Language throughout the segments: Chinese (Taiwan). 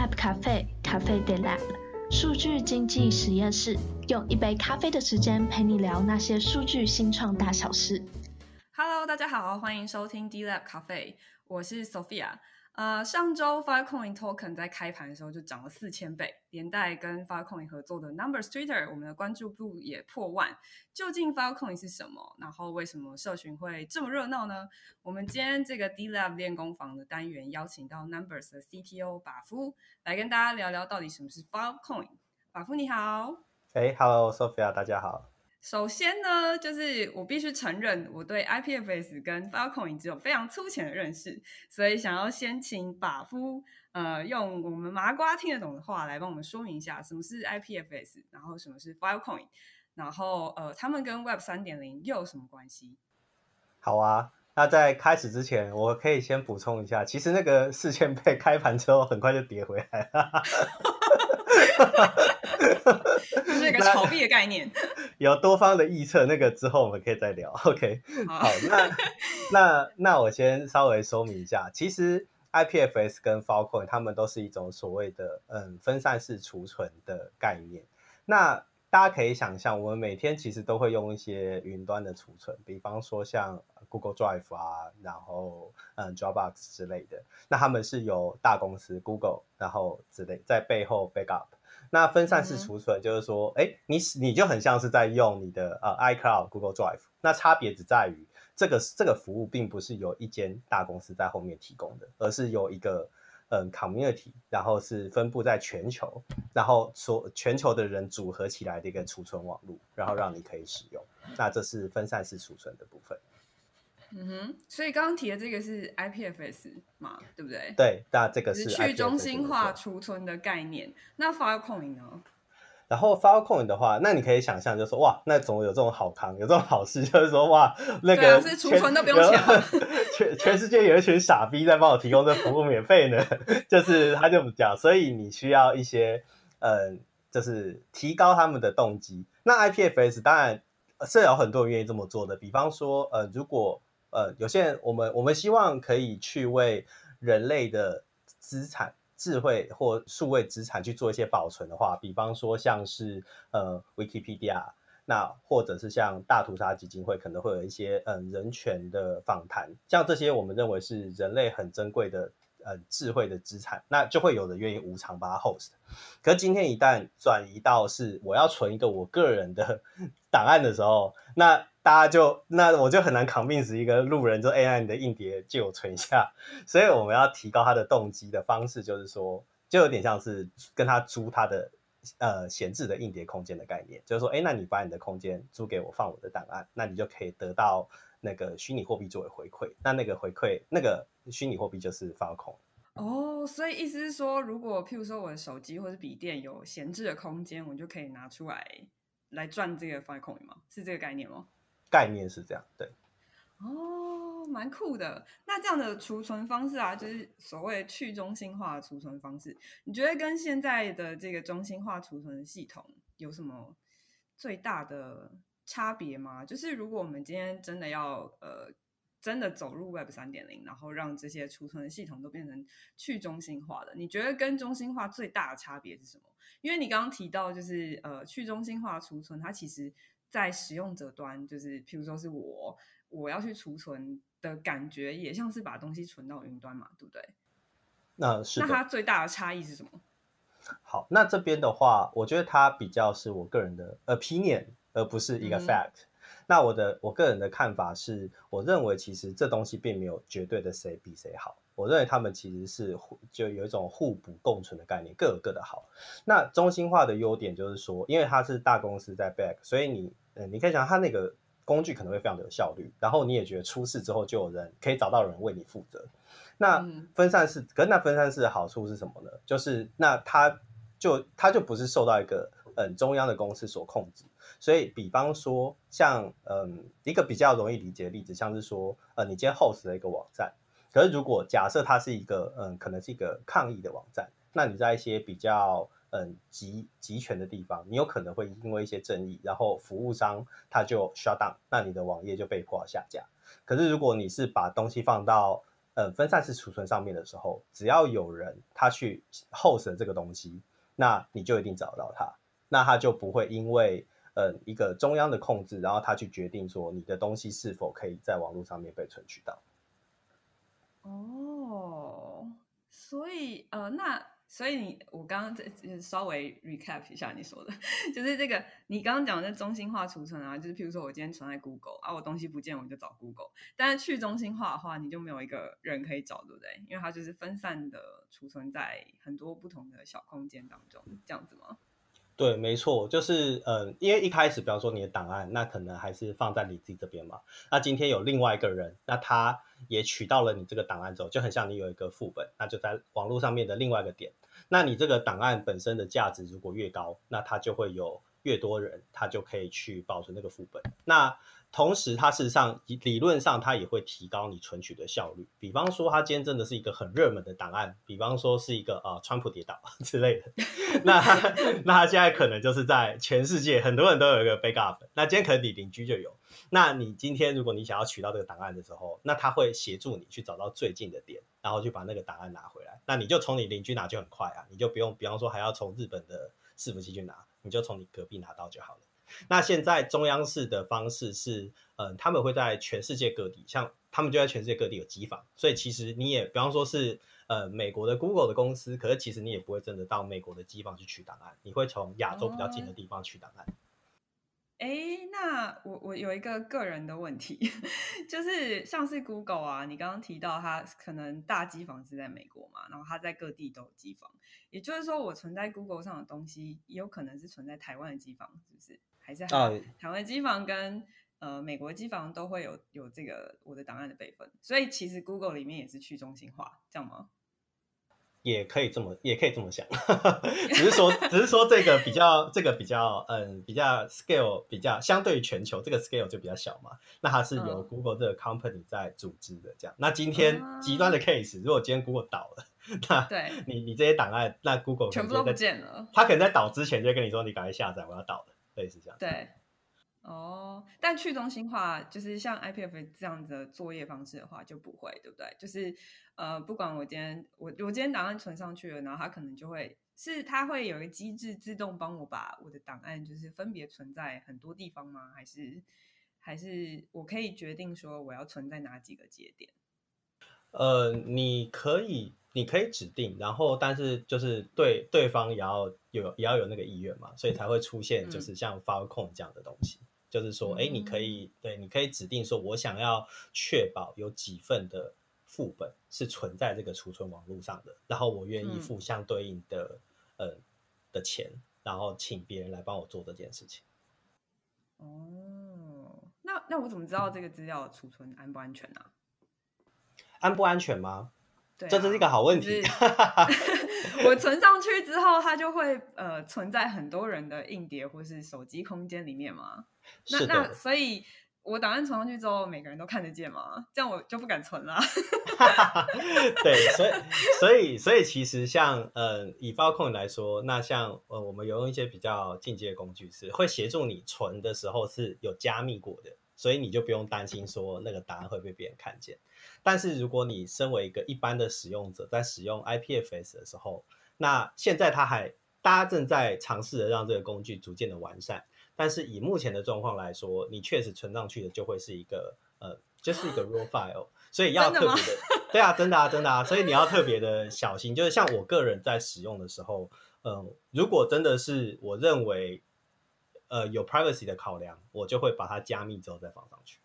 de lab 咖啡，咖啡 de lab 數據經濟實驗室，用一杯咖啡的時間陪你聊那些數據新創大小事。Hello，大家好，歡迎收聽 de lab Cafe，我是 Sophia。呃，上周 Faecoin Token 在開盤的時候就漲了四千倍，連帶跟 Faecoin 合作的 Numbers Twitter，我們的關注度也破萬。究竟 Faecoin 是什麼？然後為什麼社群會這麼熱鬧呢？我們今天這個 D Lab 練功房的單元邀請到 Numbers 的 CTO 巴夫來跟大家聊聊，到底什麼是 Faecoin？巴夫你好，誒、欸、，h e l l o Sophia，大家好。首先呢，就是我必須承認我對 IPFS 跟 Filecoin 只有非常粗淺的認識，所以想要先請 Bofu，呃，用我們麻瓜聽得懂的話來幫我們說明一下什麼是 IPFS，然後什麼是 Filecoin，然後呃他們跟 Web 三點零又有什麼關係？好啊，那在開始之前，我可以先補充一下，其實那個四千倍開盤之後很快就跌回來了。 哈哈哈，是一個炒幣的概念。有多方的預測，那個之後我們可以再聊。 OK，好， 那那那我先稍微說明一下，其實 IPFS 跟 Filecoin 他們都是一種所謂的嗯分散式儲存的概念。那大家可以想象我們每天其實都會用一些雲端的儲存，比方說像 Google Drive 啊，然後嗯 Dropbox 之類的。那他們是由大公司 Google 然後之類在背後 backup。那分散式儲存就是說，哎、嗯，你你就很像是在用你的呃 iCloud、Google Drive，那差別只在於這個這個服務並不是由一間大公司在後面提供的，而是由一個嗯 community，然後是分布在全球，然後所全球的人組合起來的一個儲存網絡，然後讓你可以使用。那這是分散式儲存的部分。嗯哼，所以剛剛提的這個是 IPFS 嘛，對不對？對，那這個是去中心化儲存的概念。那 Filecoin 呢？然後 Filecoin 的話，那你可以想象，就是說哇，那總有這種好康，有這種好事，就是說哇，那個、啊、是儲存都不用錢，全世界有一群傻逼在幫我提供這服務免費呢？ 就是他就不講，所以你需要一些、嗯、就是提高他們的動機。那 IPFS 當然，是有很多人願意這麼做的，比方說呃、嗯，如果呃，有些人，我們我們希望可以去為人類的資產、智慧或數位資產去做一些保存的話，比方說像是呃 Wikipedia，那或者是像大屠殺基金會，可能會有一些嗯、呃、人權的訪談，像這些我們認為是人類很珍貴的呃智慧的資產，那就會有人願意無償把它 host。可是今天一旦轉移到是我要存一個我個人的。檔案的時候，那大家就那我就很難 convince 一個路人，就哎你的硬碟，借我存一下。所以我們要提高他的動機的方式，就是說，就有點像是跟他租他的呃閒置的硬碟空間的概念，就是說，哎、欸，那你把你的空間租給我放我的檔案，那你就可以得到那個虛擬貨幣作為回饋。那那個回饋那個虛擬貨幣就是 Filecoin。哦，所以意思是說，如果譬如說我的手機或者筆電有閒置的空間，我就可以拿出來來賺這個 Filecoin 嗎？是這個概念嗎？概念是這樣，對。哦，蠻酷的。那這樣的儲存方式啊，就是所謂去中心化儲存方式。對你覺得跟現在的這個中心化儲存系統有什麼最大的差別嗎？就是如果我們今天真的要呃。真的走入 Web 三點零，然後讓這些儲存的系統都變成去中心化的。你覺得跟中心化最大的差別是什麼？因為你剛剛提到，就是呃，去中心化儲存，它其實在使用者端，就是譬如說是我，我要去儲存的感覺，也像是把東西存到雲端嘛，對不對？那是那它最大的差異是什麼？好，那這邊的話，我覺得它比較是我個人的 opinion，而不是一個 fact。嗯。那我的我個人的看法是，我認為其實這東西並沒有絕對的誰比誰好。我認為他們其實是互就有一種互補共存的概念，各有各的好。那中心化的優點就是說，因為它是大公司在 back，所以你呃、嗯、你可以想它那個工具可能會非常的有效率。然後你也覺得出事之後就有人可以找到人為你負責。那分散式，可是那分散式的好處是什麼呢？就是那它就它就不是受到一個嗯中央的公司所控制。所以，比方說，像嗯，一個比較容易理解的例子，像是說，呃、嗯，你今天 host 了一個網站，可是如果假設它是一個嗯，可能是一個抗議的網站，那你在一些比較嗯集集權的地方，你有可能會因為一些爭議，然後服務商他就 shut down，那你的網頁就被迫下架。可是如果你是把東西放到呃、嗯、分散式儲存上面的時候，只要有人他去 host 的這個東西，那你就一定找得到它，那它就不會因為。呃，一個中央的控制，然後他去決定說你的東西是否可以在網絡上面被存取到。哦，所以呃，那所以你我剛剛這稍微 recap 一下你說的，就是這個你剛剛講的中心化儲存啊，就是譬如說我今天存在 Google，啊我東西不見我就找 Google，但是去中心化的話，你就沒有一個人可以找，對不對？因為它就是分散的儲存在很多不同的小空間當中，這樣子嗎？對，沒錯，就是，嗯、呃，因為一開始，比方說你的檔案，那可能還是放在你自己這邊嘛。那今天有另外一個人，那他也取到了你這個檔案之後，就很像你有一個副本，那就在網絡上面的另外一個點。那你這個檔案本身的價值如果越高，那他就會有越多人，他就可以去保存那個副本。那同時，它事實上理論上它也會提高你存取的效率。比方說，它今天真的是一個很熱門的檔案，比方說是一個呃川普跌倒之類的，那他 那它現在可能就是在全世界很多人都有一個 backup。那今天可能你鄰居就有，那你今天如果你想要取到這個檔案的時候，那他會協助你去找到最近的點，然後去把那個檔案拿回來。那你就從你鄰居拿就很快啊，你就不用比方說還要從日本的伺服器去拿，你就從你隔壁拿到就好了。那現在中央式的方式是，嗯、呃，他們會在全世界各地，像他們就在全世界各地有機房，所以其實你也比方說是，呃，美國的 Google 的公司，可是其實你也不會真的到美國的機房去取檔案，你會從亞洲比較近的地方取檔案。哎、呃，那我我有一個個人的問題，就是像是 Google 啊，你剛剛提到它可能大機房是在美國嘛，然後它在各地都有機房，也就是說我存在 Google 上的東西，也有可能是存在台灣的機房，是不是？還，還台灣機房跟呃、美國機房都會有有這個我的檔案的備份，所以其實 Google 裡面也是去中心化，這樣嗎？也可以這麼，也可以這麼想， 只是說只是說這個比較 這個比較嗯，比較 scale 比較相對於全球這個 scale 就比較小嘛。那它是由 Google 這個 company 在組織的這樣。嗯、那今天極端的 case，uh，如果今天 Google 倒了，那對，你你這些檔案，那 Google 全部都不見了。他可能在倒之前就跟你說，你趕快下載，我要倒了。對，是這樣。對，哦，但去中心化就是像 IPF 這樣子的作業方式的話就不會，對不對？就是呃，不管我今天我我今天檔案存上去了，然後他可能就會是他會有一個機制自動幫我把我的檔案就是分別存在很多地方嗎？還是還是我可以決定說我要存在哪幾個節點？呃，你可以。你可以指定，然後但是就是對對方也要有也要有那個意願嘛，所以才會出現就是像 Filecoin 這樣的東西，嗯、就是說，哎，你可以對，你可以指定說，我想要確保有幾份的副本是存在這個儲存網絡上的，然後我願意付相對應的、嗯、呃的錢，然後請別人來幫我做這件事情。哦，那那我怎麼知道這個資料的儲存安不安全呢、啊嗯？安不安全嗎？這真、啊、是一個好問題。就是、 我存上去之後，它就會呃存在很多人的硬碟或是手機空間裡面嘛。那是的那所以我打算存上去之後，每個人都看得見嗎？這樣我就不敢存了。 對，所以所以所以其實像呃以 Filecoin 來說，那像呃我們有用一些比較進階的工具，是會協助你存的時候是有加密過的。所以你就不用擔心說那個答案會被別人看見。但是如果你身為一個一般的使用者，在使用 IPFS 的時候，那現在它還大家正在嘗試着讓這個工具逐漸的完善。但是以目前的狀況來說，你確實存上去的就會是一個呃，就是一個 raw file。所以要特別的，真的嗎？ 對啊，真的啊，真的啊，所以你要特別的小心。就是像我個人在使用的時候，嗯、呃，如果真的是我認為。呃，有 privacy 的考量，我就會把它加密之後再放上去。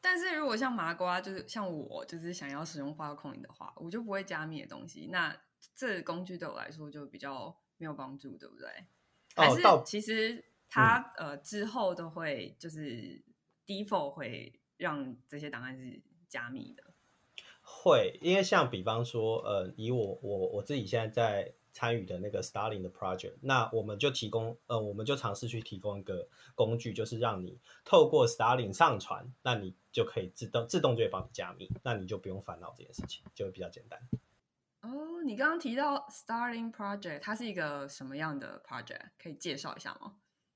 但是，如果像麻瓜，就是像我，就是想要使用化控的話，我就不會加密的東西。那這工具對我來說就比較沒有幫助，對不對？哦、還是其實它、嗯、呃之後都會就是 default 會讓這些檔案是加密的。會，因為像比方說，呃，以我我我自己現在在。參與的那個 Starling 的 project，那我們就提供，呃，我們就嘗試去提供一個工具，就是讓你透過 Starling 上傳，那你就可以自動自動就會幫你加密，那你就不用煩惱這件事情，就會比較簡單。哦，你剛剛提到 Starling project，它是一個什麼樣的 project？可以介紹一下嗎？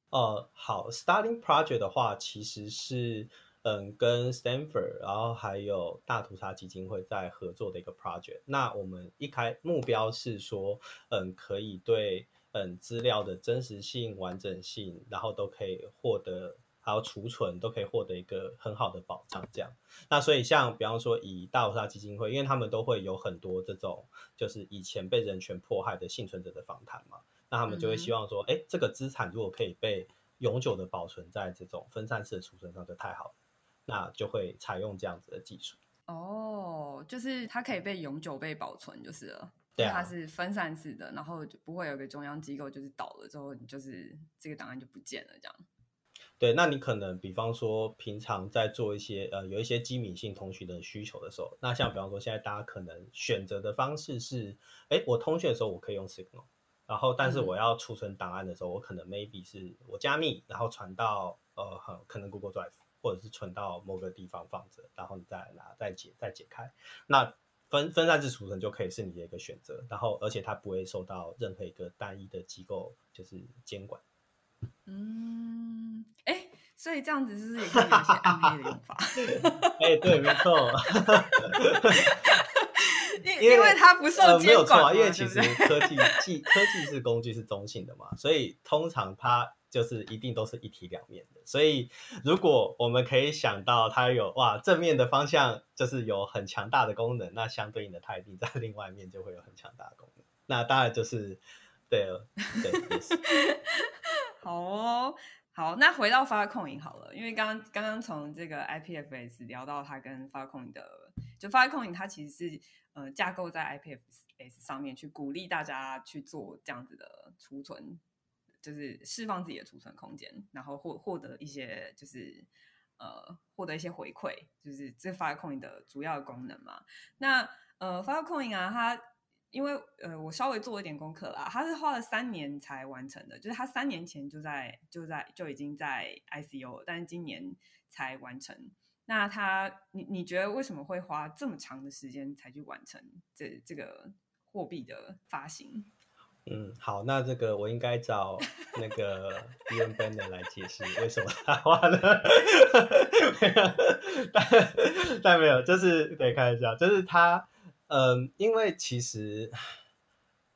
哦、呃，好 Starling project 的話，其實是。嗯，跟 Stanford，然後還有大屠殺基金會在合作的一個 project。那我們一開目標是說，嗯，可以對嗯資料的真實性、完整性，然後都可以獲得，還有儲存都可以獲得一個很好的保障，這樣。那所以像比方說以大屠殺基金會，因為他們都會有很多這種就是以前被人權迫害的倖存者的訪談嘛，那他們就會希望說，哎、嗯嗯，這個資產如果可以被永久的保存在這種分散式的儲存上，就太好了。那就會採用這樣子的技術哦，oh, 就是它可以被永久被保存，就是了。對啊，就是它是分散式的，然後就不會有一個中央機構，就是倒了之後，你就是這個檔案就不見了這樣。對，那你可能比方說平常在做一些呃有一些機密性通訊的需求的時候，那像比方說現在大家可能選擇的方式是，哎、嗯欸，我通訊的時候我可以用 Signal，然後但是我要儲存檔案的時候，我可能 maybe 是我加密然後傳到呃可能 Google Drive。或者是存到某個地方放着，然後你再拿、再解、再解開。那分分散式儲存就可以是你的一個選擇，然後而且它不會受到任何一個單一的機構就是監管。嗯，哎，所以這樣子是不是也可以有些暗黑的用法？哎， 對，沒錯。 因為它不受監管，沒有錯，因為其實科技技科技是工具，是中性的嘛， 所以通常它就是一定都是一體兩面的。所以如果我們可以想到它有哇正面的方向，就是有很強大的功能，那相對應的態迪在另外一面就會有很強大的功能。那當然就是對了，對，就是。 好哦。好，那回到 Filecoin 好了，因為剛剛剛從這個 IPFS 聊到它跟 Filecoin 的，就 Filecoin 它其實是呃架構在 IPFS 上面，去鼓勵大家去做這樣子的儲存，就是釋放自己的儲存空間，然後獲獲得一些就是呃獲得一些回饋，就是這 Filecoin 的主要的功能嘛。那呃 Filecoin 啊，它因為呃，我稍微做一點功課啦，他是花了三年才完成的，就是他三年前就在就在就已經在 ICO 但是今年才完成。那他，你你覺得為什麼會花這麼長的時間才去完成這這個貨幣的發行？嗯，好，那這個我應該找那個 Ben Ben 來解釋為什麼他花了， 但沒有，就是可以看一下，就是他。嗯，因為其實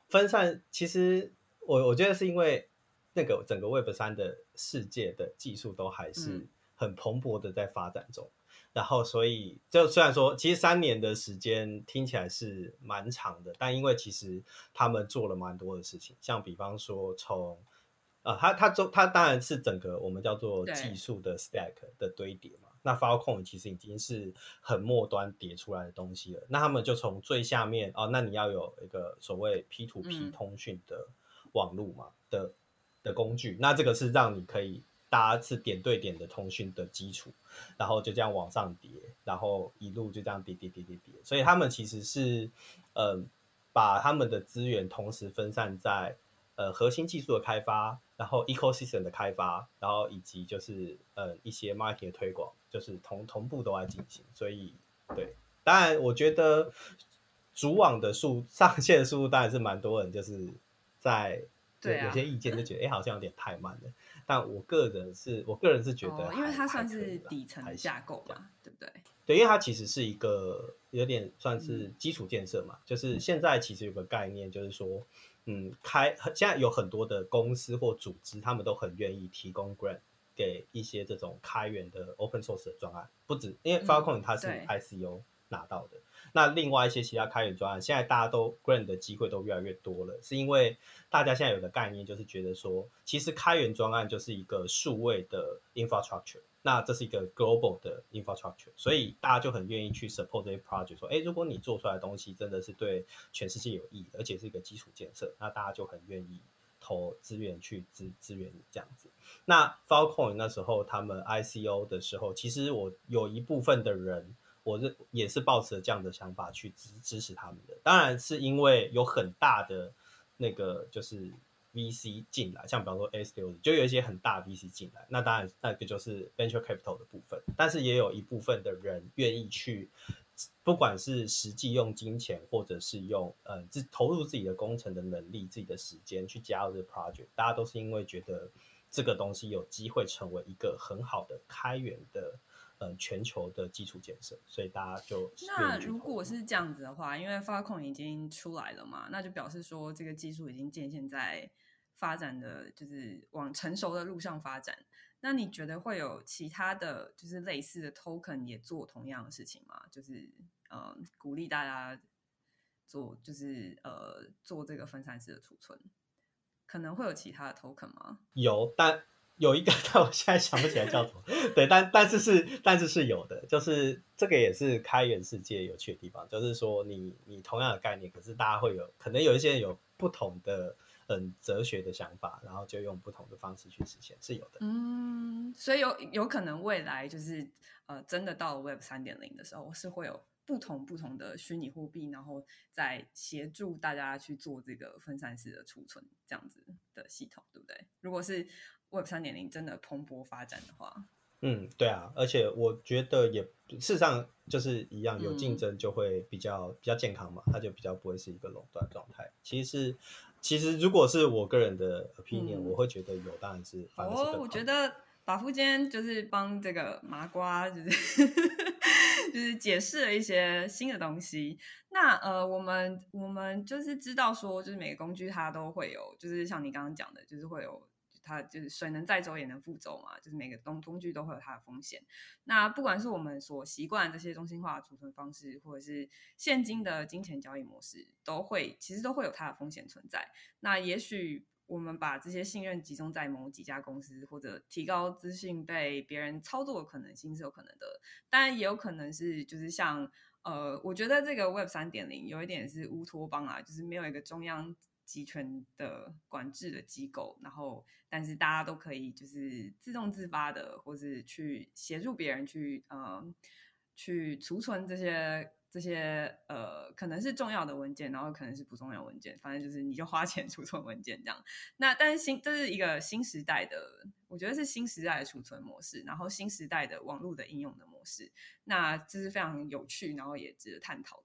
分散，其實我我覺得是因為那個整個 Web 3的世界的技術都還是很蓬勃的在發展中，嗯、然後所以就雖然說其實三年的時間聽起來是蠻長的，但因為其實他們做了蠻多的事情，像比方說從呃，他他做他當然是整個我們叫做技術的 stack 的堆疊嘛。那 Filecoin 其實已經是很末端疊出來的東西了。那他們就從最下面哦，那你要有一個所謂 P to P 通訊的網路嘛、嗯、的的工具，那這個是讓你可以搭是點對點的通訊的基礎，然後就這樣往上疊，然後一路就這樣疊疊疊疊疊，所以他們其實是嗯、呃、把他們的資源同時分散在呃核心技術的開發。然後 ecosystem 的開發，然後以及就是呃、嗯、一些 market 的推廣，就是同同步都在進行，所以對，當然我覺得主網的速上線的速度當然是蠻多人就是在對有些意見就覺得哎、啊、好像有點太慢了，但我個人是我個人是覺得、哦，因為它算是底層的架、架、架構嘛，對不對？對，因為它其實是一個有點算是基礎建設嘛，嗯、就是現在其實有個概念就是說。嗯，開現在有很多的公司或組織，他們都很願意提供 grant 給一些這種開源的 open source 的專案，不止，因為 Filecoin 它是 ICO 拿到的。嗯、那另外一些其他開源專案，現在大家都 grant 的機會都越來越多了，是因為大家現在有的概念就是覺得說，其實開源專案就是一個數位的 infrastructure。那這是一個 global 的 infrastructure，所以大家就很願意去 support 這些 project，說，誒，如果你做出來的東西真的是對全世界有益，而且是一個基礎建設，那大家就很願意投資源去支支援這樣子。那 Filecoin 那時候他們 ICO 的時候，其實我有一部分的人，我認也是抱持了這樣的想法去支支持他們的，當然是因為有很大的那個就是。VC 進來，像比方說 S 六，就有一些很大 VC 進來，那當然那個就是 venture capital 的部分，但是也有一部分的人願意去，不管是實際用金錢，或者是用呃自、嗯、投入自己的工程的能力、自己的時間去加入這 project，大家都是因為覺得這個東西有機會成為一個很好的開源的、嗯、全球的基礎建設，所以大家就，那如果是這樣子的話，因為 Filecoin 已經出來了嘛，那就表示說這個技術已經漸漸在。發展的就是往成熟的路上發展，那你覺得會有其他的就是類似的 token 也做同樣的事情嗎？就是呃，鼓勵大家做，就是呃，做這個分散式的儲存，可能會有其他的 token 嗎？有，但有一個，但我現在想不起來叫什麼。 對，但但是是，但是是有的，就是這個也是開源世界有趣的地方，就是說你你同樣的概念，可是大家會有，可能有一些人有不同的。很哲學的想法，然後就用不同的方式去實現，是有的。嗯，所以有有可能未來就是、呃、真的到了 Web 三點零的時候，是會有不同不同的虛擬貨幣，然後再協助大家去做這個分散式的儲存這樣子的系統，對不對？如果是 Web 三點零真的蓬勃發展的話，嗯，對啊，而且我覺得也事實上就是一樣，有競爭就會比較比較健康嘛，它就比較不會是一個壟斷狀態。其實。其實，如果是我個人的 opinion，我會覺得有，當然是。我、嗯 oh, 我覺得，Bofu 今天就是幫這個麻瓜，就是 就是解釋了一些新的東西。那呃，我們我們就是知道說，就是每個工具它都會有，就是像你剛剛講的，就是會有。它就是水能載舟也能覆舟嘛，就是每個東工具都會有它的風險。那不管是我們所習慣的這些中心化的儲存方式，或者是現今的金錢交易模式，都會其實都會有它的風險存在。那也許我們把這些信任集中在某幾家公司，或者提高資訊被別人操作的可能性是有可能的，但也有可能是就是像呃，我覺得這個 Web 三點零有一點是烏托邦啊，就是沒有一個中央。集權的管制的機構，然後但是大家都可以就是自動自發的，或是去協助別人去嗯、呃、去儲存這些這些呃可能是重要的文件，然後可能是不重要文件，反正就是你就花錢儲存文件這樣。那但是新這是一個新時代的，我覺得是新時代的儲存模式，然後新時代的網絡的應用的模式，那這是非常有趣，然後也值得探討。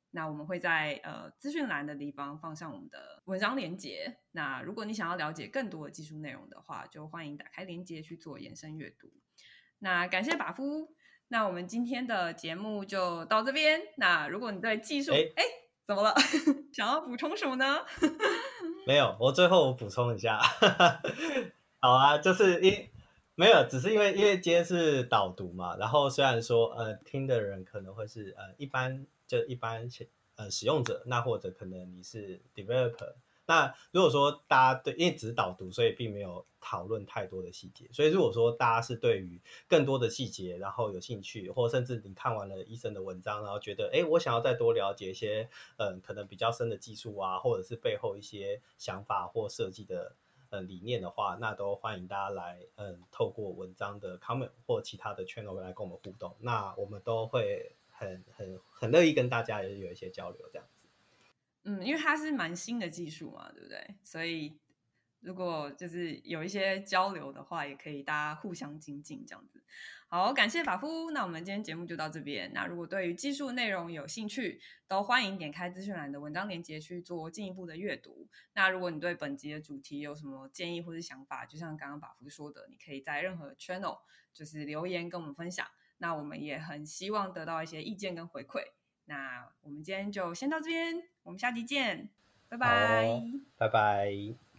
那我們會在呃資訊欄的地方放上我們的文章鏈接。那如果你想要了解更多的技術內容的話，就歡迎打開鏈接去做延伸閱讀。那感謝法夫。那我們今天的節目就到這邊。那如果你對技術哎、欸欸、怎麼了， 想要補充什麼呢？ 沒有，我最後我補充一下。 好啊，就是因。沒有，只是因為因為今天是導讀嘛，然後雖然說呃聽的人可能會是呃一般就一般使呃使用者，那或者可能你是 developer，那如果說大家對因為只是導讀，所以並沒有討論太多的細節，所以如果說大家是對於更多的細節然後有興趣，或甚至你看完了醫生的文章，然後覺得哎我想要再多了解一些嗯、呃、可能比較深的技術啊，或者是背後一些想法或設計的。嗯，理念的話，那都歡迎大家來，嗯，透過文章的 comment 或其他的 channel 來跟我們互動，那我們都會很很很樂意跟大家有一些交流，這樣子。嗯，因為它是蠻新的技術嘛，對不對？所以。如果就是有一些交流的話，也可以大家互相精進這樣子。好，感謝 Bofu。那我們今天節目就到這邊。那如果對於技術內容有興趣，都歡迎點開資訊欄的文章鏈接去做進一步的閱讀。那如果你對本集的主題有什麼建議或者想法，就像剛剛 Bofu 說的，你可以在任何 channel 就是留言跟我們分享。那我們也很希望得到一些意見跟回饋。那我們今天就先到這邊，我們下集見，好拜拜，拜拜。